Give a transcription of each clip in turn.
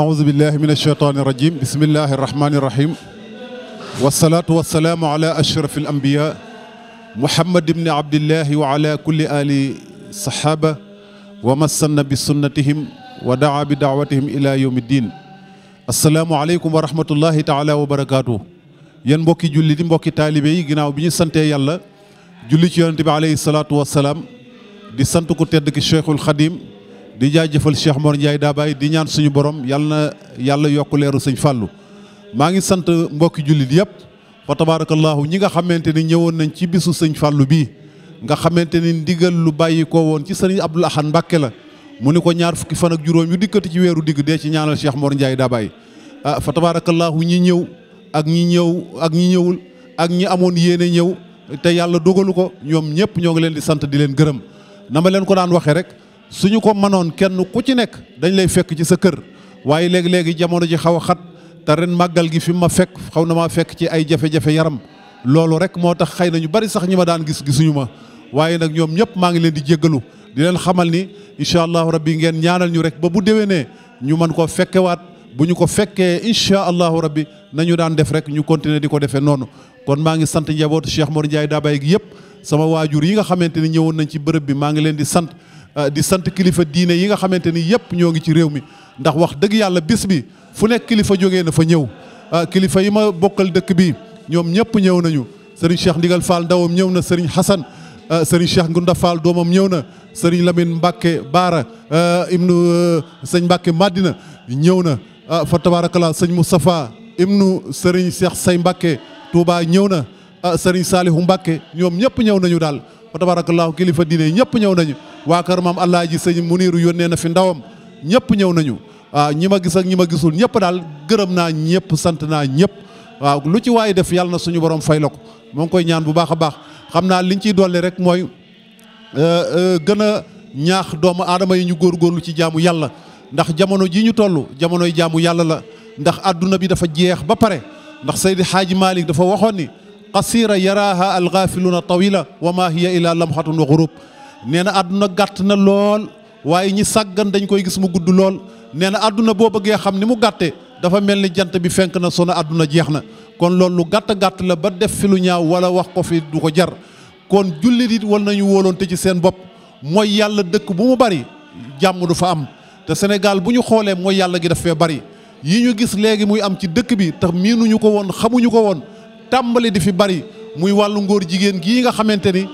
أعوذ بالله من الشيطان الرجيم بسم الله الرحمن الرحيم والصلاة والسلام على أشرف الأنبياء محمد بن عبد الله وعلى كل آل صحابة ومسن بسنتهم ودعا بدعوتهم إلى يوم الدين السلام عليكم ورحمة الله تعالى وبركاته ينبوكي جولي ينبوكي تالبي جناو بني سنتي يالا جولي تيونتي عليه الصلاة والسلام دي سنتو كتير الشيخ الخديم di jaajëfal Cheikh Mor Ndiaye bàyyi di ñaan suñu borom yàlla na yàlla yokk leeru sëñ Fallou maa ngi sant mbokki jullit yëpp fa tabaarakallaahu ñi nga xamante ni ñëwoon nañ ci bisu sëñ fàllu bii nga xamante ni ndigal lu bàyyi ko woon ci sëriñ Abdoul Ahad Mbàkke la mu ni ko ñaar fukki fan ak juróom yu dikkati ci weeru digg dee ci ñaanal Cheikh Mor Ndiaye Dabaye ah fa tabaarakallaahu ñi ñëw ak ñi ñëw ak ñi ñëwul ak ñi amoon yéene ñëw te yàlla dogalu ko ñoom ñëpp ñoo ngi leen di sant di leen gërëm na ma leen ko daan waxee rek su ñu ko manoon kenn ku ci nekk dañu lay fekk ci sa kër waaye léegi-léegi jamono ji xaw a xat te ren màggal gi fi ma fekk xaw na maa fekk ci ay jafe-jafe yaram loolu rek moo tax xëy na ñu bari sax ñu ma daan gis gisuñu ma waaye nag ñoom ñëpp maa ngi leen di jéggalu di leen xamal ni incha allahu rabbi ngeen ñaanal ñu rek ba bu déwénee ñu mën koo fekkewaat bu ñu ko fekkee incha allahu rabbi nañu daan def rek ñu continuer di ko defee noonu kon maa ngi sant njabootu Cheikh Mor Ndiaye Dabaye gi yëpp sama waajur yi nga xamante ni ñëwoon nañ ci bërëb bi maa ngi leen di sant Euh, di sant kilifa diine yi nga xamante ni yëpp ñoo ngi ci réew mi ndax wax dëgg yàlla bis bi fu nekk kilifa jóge na fa ñëw euh, kilifa yi ma bokkal dëkk bi ñoom ñëpp ñëw nañu sëriñ Cheikh Ndigal Fall ndawam ñëw na sëriñ Hassan euh, sëriñ Cheikh Ngunda Fall doomam ñëw na sëriñ Lamine Mbacke Baara ibnu sëñ Mbacke màddina ñëw na fa tabaarakala sëñ Moustapha ibnu sëriñ Cheikh Say Mbacke tuubaa ñëw na sëriñ Salihu Mbacke ñoom ñëpp ñëw nañu daal fa tabaarakallaahu kilifa diine ñëpp ñëw nañu waa kër maam allah ji sëñ Muniiru yónnee na fi ndawam ñëpp ñëw nañu waaw ñi ma gis ak ñi ma gisul ñëpp daal gërëm naa ñëpp sant naa ñëpp waaw lu ci waaye def yàlla na suñu borom fay la ko moo ngi koy ñaan bu baax a baax xam naa liñ ciy dolli rek mooy gën a ñaax doomu aadama yi ñu góorgóorlu ci jaamu yàlla ndax jamono ji ñu toll jamonoy jaamu yàlla la ndax adduna bi dafa jeex ba pare ndax Seydi Xaaji Malik dafa waxoon ni qasira yaraaha alxaafiluuna tawila wa ma hiya ila lamhatun wa xurub nee na àdduna gàtt na lool waaye ñi sàggan dañ koy gis mu gudd lool nee na àdduna boo bëggee xam ni mu gàtte dafa mel ni jant bi fenk na sona àdduna jeex na kon loolu lu gàtt gàtt la ba def fi lu ñaaw wala wax ko fi du ko jar kon jullit di war nañu wóolonte ci seen bopp mooy yàlla dëkk bu mu bari jàmm du fa am te Sénégal bu ñu xoolee mooy yàlla gi daf fee bari yi ñu gis léegi muy am ci dëkk bi te miinuñu ko woon xamuñu ko woon tàmbali di fi bari muy wàllu ngóor jigéen gii nga xamante ni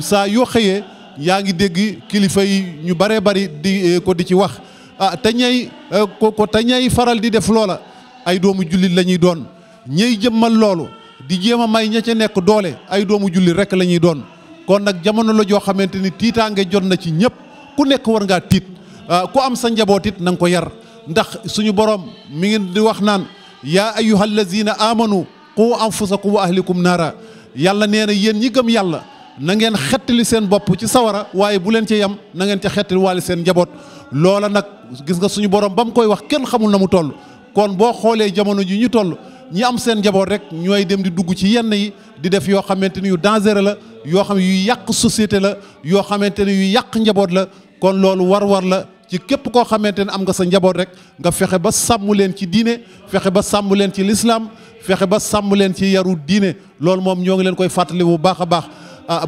saa yoo xëyee yaa ngi dégg kilifa yi ñu baree bari di eh, ko di ci wax ah te ñay eh, ko ko te ñay faral di def loola ay doomu jullit la ñuy doon ñay jëmmal loolu di jéem a may ña ca nekk doole ay doomu julli rek la ñuy doon kon nag jamono la joo xamante ni tiitaange jot na ci ñëpp ku nekk war ngaa tiit ah, ku am sa njaboot it na ko yar ndax suñu borom mi ngi di wax naan yaa ayyuhal lazina amanu qu anfusakum wa ahlikum naara yàlla nee na yéen ñi gëm yàlla na ngeen xettali seen bopp ci sawara waaye bu leen ci yam nangeen ngeen ca xettali waale seen njaboot loola nag gis nga suñu borom ba mu koy wax kenn xamul na mu toll kon boo xoolee jamono ji ñu toll ñi am seen njaboot rek ñooy dem di dugg ci yenn yi di def yoo xamante ni yu dangereux la yoo xam yu yàq société la yoo xamante ni yu yàq njaboot la kon loolu war-war la ci képp koo xamante ne am nga sa njaboot rek nga fexe ba sàmm leen ci diine fexe ba sàmm leen ci lislaam fexe ba sàmm leen ci yaru diine loolu moom ñoo leen koy fàttali bu baax a baax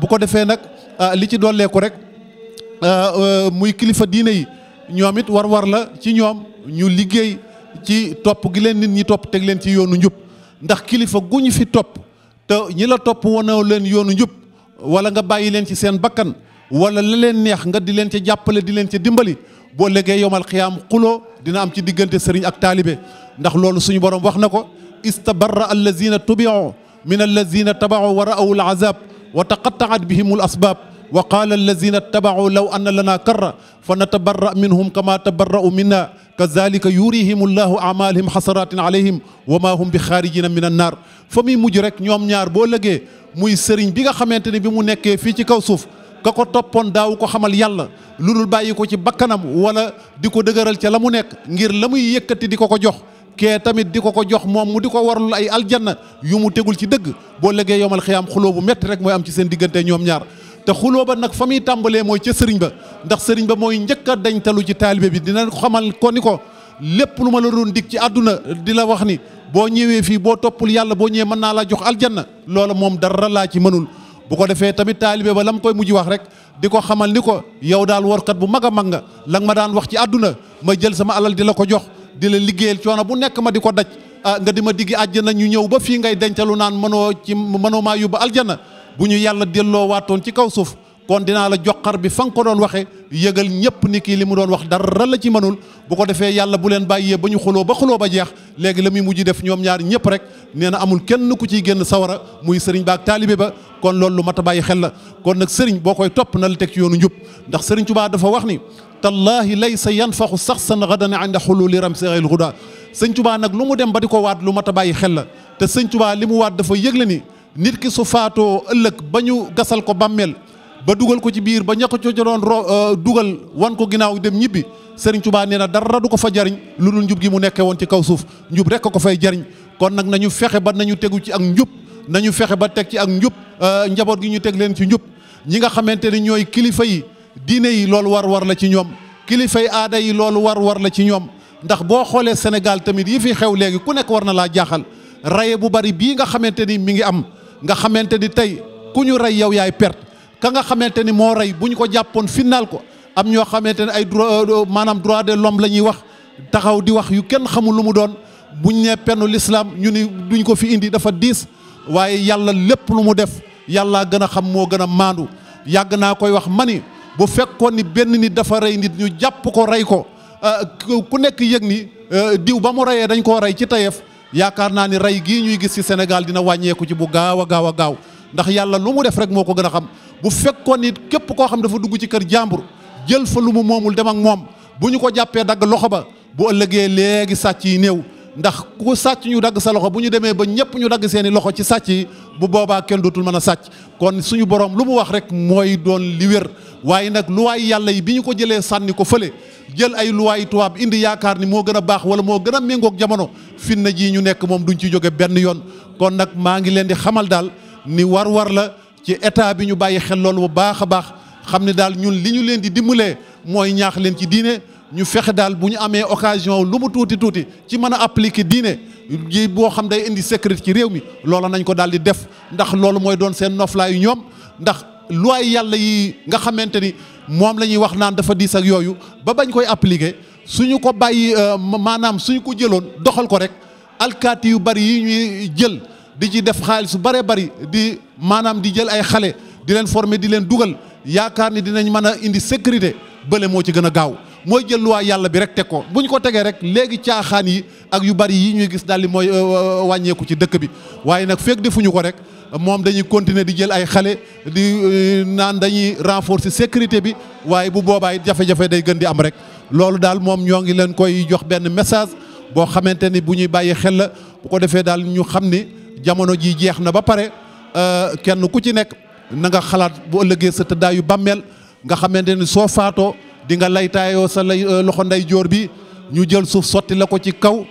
bu ko defee nag li ci dolleeku rek muy kilifa diine yi ñoom it war war la ci ñoom ñu liggéey ci topp gi leen nit ñi topp teg leen ci yoonu njub ndax kilifa gu ñu fi topp te ñi la topp wanoo leen yoonu njub wala nga bàyyi leen ci seen bakkan wala la leen neex nga di leen ca jàppale di leen ca dimbali boo légee yowmal xiyaam xuloo dina am ci diggante sëriñ ak taalibe ndax loolu suñu borom wax na istabarra allazina tubiu min allazina tabaau wa ra'aw al وتقطعت بهم الأسباب وقال الذين اتبعوا لو أن لنا كرة فنتبرأ منهم كما تبرأوا منا كذلك يريهم الله أعمالهم حسرات عليهم وما هم بخارجين من النار فمي مجرك نيوم نيار بولغي موي سرين بيغا خامتني بيمو نيكي في تي كوسوف كاكو توبون داو كو خمال يالا لولو بايكو تي بكانم ولا ديكو دغرال تي لامو نيك غير لاموي ييكتي ديكو جوخ kee tamit di ko ko jox moom mu di ko warlul ay aljanna yu mu tegul ci dëgg boo légee yomal xiyaam xuloo bu métti rek mooy am ci seen diggante ñoom ñaar te xuloo ba nag fa muy tàmbalee mooy ca sëriñ ba ndax sëriñ ba mooy njëkk a dañtalu ci taalibe bi dina xamal ko ni ko lépp lu ma la doon dig ci àdduna di la wax ni boo ñëwee fii boo toppul yàlla boo ñëwee mën naa laa jox aljanna loola moom dara laa ci mënul bu ko defee tamit taalibe ba la mu koy mujj wax rek di ko xamal ni ko yow daal warkat bu mag a mag nga la ma daan wax ci àdduna ma jël sama alal di la ko jox di la liggéeyal coono bu nekk ma di ko daj ah, nga di ma diggi àjjana ñu ñëw ba fii ngay dencalu naan mënoo ci mënoo maa yóbbu aljana bu ñu yàlla delloo waatoon ci kaw suuf kon dinaa la jox xar bi fa nga ko doon waxee yëgal ñëpp ni kii li mu doon wax dara la ci mënul bu ko defee yàlla bu leen bàyyee ba ñu xuloo ba xuloo ba jeex léegi la muy mujj def ñoom ñaar ñëpp rek nee na amul kenn ku ciy génn sawara muy sëriñ ba ak taalibe ba kon loolu lu mat a bàyyi xel la kon nag sëriñ boo koy topp na la teg ci yoonu njub ndax sëriñ Tuubaa wax ni تالله ليس ينفخ شخصا غدا عند حلول رمس الغدا سيغ توبا نك لومو ديم باديكو وات لوما تباي خيل تا سيغ توبا ليمو وات دا فا ييغلاني نيت كي سو فاتو الك باني غاسال كو باميل با دوغال كو تي بير با نياكو تي جون دوغال وان كو غيناو ديم نيبي سيغ توبا نينا دار دوكو فا جارين لولو نجوب جي مو نيكي وون تي كاو سوف ريك كو فاي جارين كون نك نانيو فخي با نانيو تيغو تي اك نجوب نانيو فخي با تك تي اك نجوب نجابور جي نيو تيغ لين تي نجوب ñi nga xamanteni ñoy kilifa yi diine yi luar war war la ci ñoom kilifay aada yi loolu war war la ci ñoom ndax boo xoolee Sénégal tamit yi fi xew ku war na la jaaxal raye bu bari bii nga xamante ni mi ngi am nga xamante tay tey ku ñu rey yow yaay perte ka nga xamante ni moo rey ko final ko am ñoo xamante ne ay manam euh, maanaam droit de l'homme wah. ñuy wax taxaw di wax yu kenn xamul lu mu doon buñ nee pennu l'islam ñu ni duñ ko fi indi dafa dis waaye yalla lépp lu mu def yàllaa gën xam koy wax mani bu fekkoon ni benn nit dafa rey nit ñu jàpp ko rey ko euh, ku nekk yëg ni euh, diw ba mu reyee dañ koo rey ci tayef yaakaar naa ni rey gii ñuy gis ci Sénégal dina wàññeeku ci bu gaaw a gaaw a gaaw ndax yàlla lu mu def rek moo ko gën a xam bu fekkoon ni képp koo xam dafa dugg ci kër jàmbur jël fa lu mu moomul dem ak moom bu ñu ko jàppee dagg loxo ba bu ëllëgee léegi sàcc yi néew ndax ku sàcc ñu dagg sa loxo bu ñu demee ba ñëpp ñu dagg seeni loxo ci sàcc yi bu boobaa kenn dootul man a sàcc kon suñu borom lu mu wax rek mooy doon li wér waaye nag luwaay yàlla yi bi ñu ko jëlee sànni ko fële jël ay luwaay tubaab indi yaakaar ni moo gën a baax wala moo gën a méngoog jamono fitna jii ñu nekk moom duñ ci jóge benn yoon kon nag maa ngi leen di xamal daal ni war-war la ci état bi ñu bàyyi xel loolu bu baax a baax xam ne daal ñun li ñu leen di dimbalee mooy ñaax leen ci diine ñu fexe daal bu ñu amee occasion lu mu tuuti tuuti ci mën a appliquer diine yi boo xam day indi sécurité ci réew mi loola nañ ko daal di def ndax loolu mooy doon seen noflaayu ñoom ndax looy yàlla yi nga xamante ni moom la ñuy wax naan dafa diis ak yooyu ba bañ koy appliquer suñu ko bàyyi euh, maanaam suñu ko jëloon doxal ko rek alkaati yu bari yi ñuy jël di ci def xaalis su bëree bari di maanaam di jël ay xale di leen former di leen dugal yaakaar ni dinañ mën a indi sécurité bële moo ci gën a gaaw mooy jël luwaa yàlla bi rek teg ko bu ñu ko tegee rek léegi caaxaan yi ak yu bari yi ñuy gis daal di mooy euh, euh, wàññeeku ci dëkk bi waaye nag fekk defuñu ko rek moom dañuy continuer di jël ay xale di euh, naan dañuy renforcer sécurité bi waaye bu boobaay jafe-jafe day gën di am rek loolu daal moom ñoo ngi leen koy jox benn message boo xamante ni bu ñuy bàyyi xel la bu ko defee daal ñu xam ni jamono ji jeex na ba pare kenn ku ci nekk na nga xalaat bu ëllëgee sa tëddaayu bàmmeel nga xamante ni soo faatoo di nga laytaayoo sa lay euh, loxo nday joor bi ñu jël suuf sotti la ko ci kaw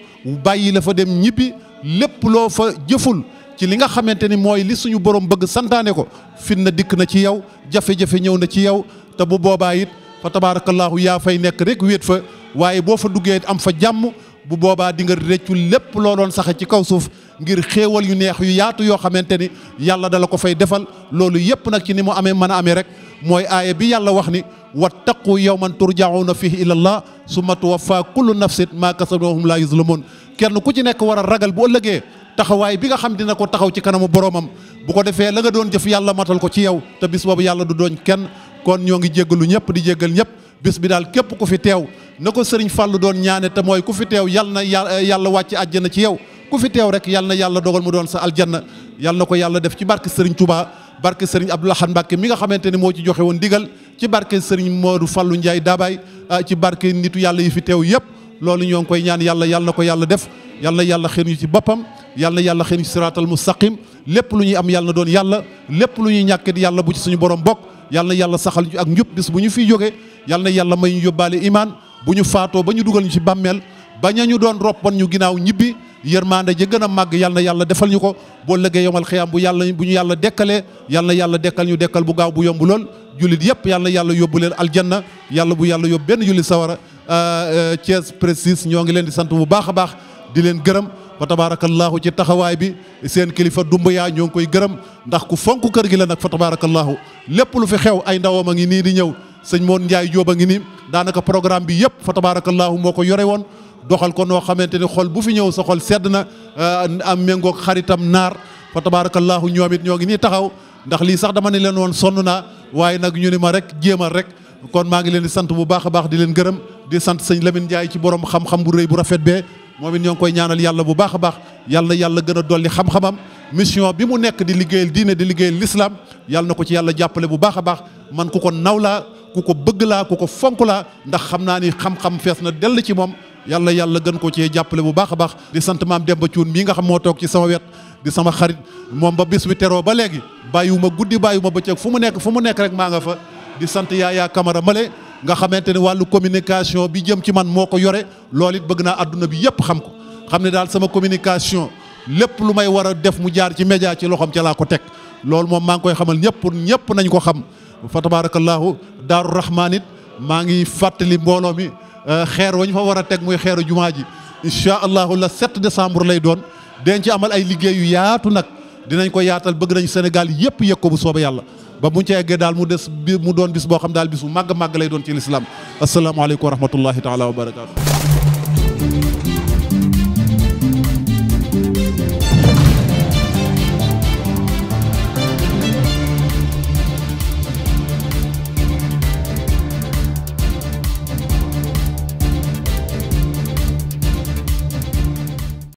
bàyyi la fa dem ñibbi lépp loo fa jëful ci li nga xamante ni mooy li suñu borom bëgg santaane ko fitna dikk na ci yow jafe-jafe ñëw na ci yow te bu boobaa it fa tabaarakallaahu yaa fay nekk rek wéet fa waaye boo fa duggee am fa jàmm bu boobaa di nga réccu lépp loo doon saxe ci kaw suuf ngir xéewal yu neex yu yaatu yoo xamante ni yàlla dala ko fay defal loolu yëpp nag ci ni mu amee mën a amee rek mooy aaye bi yàlla wax ni yow man wattaqu yawman turjauna fihi ila allah summa tuwaffa kullu nafsin ma kasabat wa hum la moon kenn ku ci nekk waral ragal boo ëllëgee taxawaay bi nga xam dina ko taxaw ci kanamu boromam bu ko defee la nga doon jëf yàlla matal ko ci yow te bis boobu yàlla du doon kenn kon ñoo ngi jéggalu ñëpp di jéggal ñëpp bis bi daal képp ku fi teew na ko sëriñ fàllu doon ñaane te mooy ku fi teew yal na eh, yàlla wàcc àjjana ci yow ku fi teew rek yal na yàlla dogal mu doon sa aljanna yal na ko yàlla def ci barke sëriñ Touba barke sëriñ Abdou Lahad Mbacké mi nga xamante ne moo ci joxe woon ndigal ci barke sëriñ Modou Fallou Ndiaye Dabaye ah, ci barke nitu yàlla yi fi teew yëpp loolu ñoo ngi koy ñaan yàlla yal na ko yàlla def yal yàlla xëy ñu ci boppam yal na yàlla xëy ñu ci siraatal mustaqim lépp lu ñuy am yàlla na doon yàlla lépp lu ñuy ñàkkit yàlla bu suñu borom bokk yal yàlla saxal ak njub bis bu ñu fi jógee yal na yàlla may ñu yóbbaale imaan bu ñu faatoo ba ñu dugal ñu ci bàmmeel ba ña ñu doon roppan ñu ginnaaw ñibbi yërmaande ji gën a màgg yal na yàlla defal ñu ko boo lëggee yomal xiyaam bu yàlla bu ñu yàlla dekkalee yal yàlla dekkal ñu dekkal bu gaaw bu yomb lool jullit yëpp yàlla yàlla yóbbu leen aljanna yàlla bu yàlla yóbbu benn jullit sawara euh, euh, Thiès Prestige ñoo ngi leen di sant bu baax a baax di leen gërëm fa tabaarakallaahu ci taxawaay bi seen kilifa dumb yaa ñoo ngi koy gërëm ndax ku fonk kër gi la nag fa tabaarakallaahu lépp lu fi xew ay ndawam a ngi nii di ñëw sëñ Moon Ndiaye Jóob a ngi ni daanaka programme bi yëpp fa tabaarakallaahu moo ko yore woon doxal ko noo xamante ni xol bu fi ñëw sa xol sedd na euh, am méngoog xaritam naar fa tabaarakallaahu ñoom it ñoo ngi nii taxaw ndax lii sax dama ne leen woon sonn naa waaye nag ñu ni ma rek jéemal rek kon maa ngi leen di sant bu baax a baax di leen gërëm di sant sëñ Lamine njaay ci borom xam-xam bu rëy bu rafet bee moom it ñoo ngi koy ñaanal yàlla bu baax a baax yàlla yàlla gën a dolli xam-xamam mission bi mu nekk di liggéeyal diine di liggéeyal l'islam yàlla na ko ci yàlla jàppale bu baax a baax ku ko bëgg laa ku ko fonk laa ndax xam naa ni xam-xam fees na dell ci moom yàlla yàlla gën ko cee jàppale bu baax a baax di sant maam dem ba Cuun mii nga xam moo toog ci sama wet di sama xarit moom ba bis bi teroo ba léegi bàyyiwuma guddi ba bëccëg fu mu nekk fu mu nekk rek maa nga fa di sant Yaaya Kamara Male nga xamante ne wàllu communication bi jëm ci man moo ko yore loolu it bëgg naa adduna bi yëpp xam ko xam ne daal sama communication lépp lu may war a def mu jaar ci média ci loxoom ca ko teg loolu maa ngi koy xamal ñëpp ñëpp nañ ko xam fa tabaarakallaahu daaru rahmaan it maa ngi fàttali mbooloo mi eh, xeer wañ fa war a teg muy xeeru jumaa ji incha allahu la 7 décembre lay doon denc ci amal ay liggéey yu yaatu nag dinañ ko yaatal bëgg nañ Sénégal yëpp yëg ko bu sooba yàlla ba buñ ci eggee daal mu des mu doon bis boo xam daal bis bu màgg màgg lay doon ci lislaam asalaamaaleykum wa rahmatullahi taala wa barakaatu.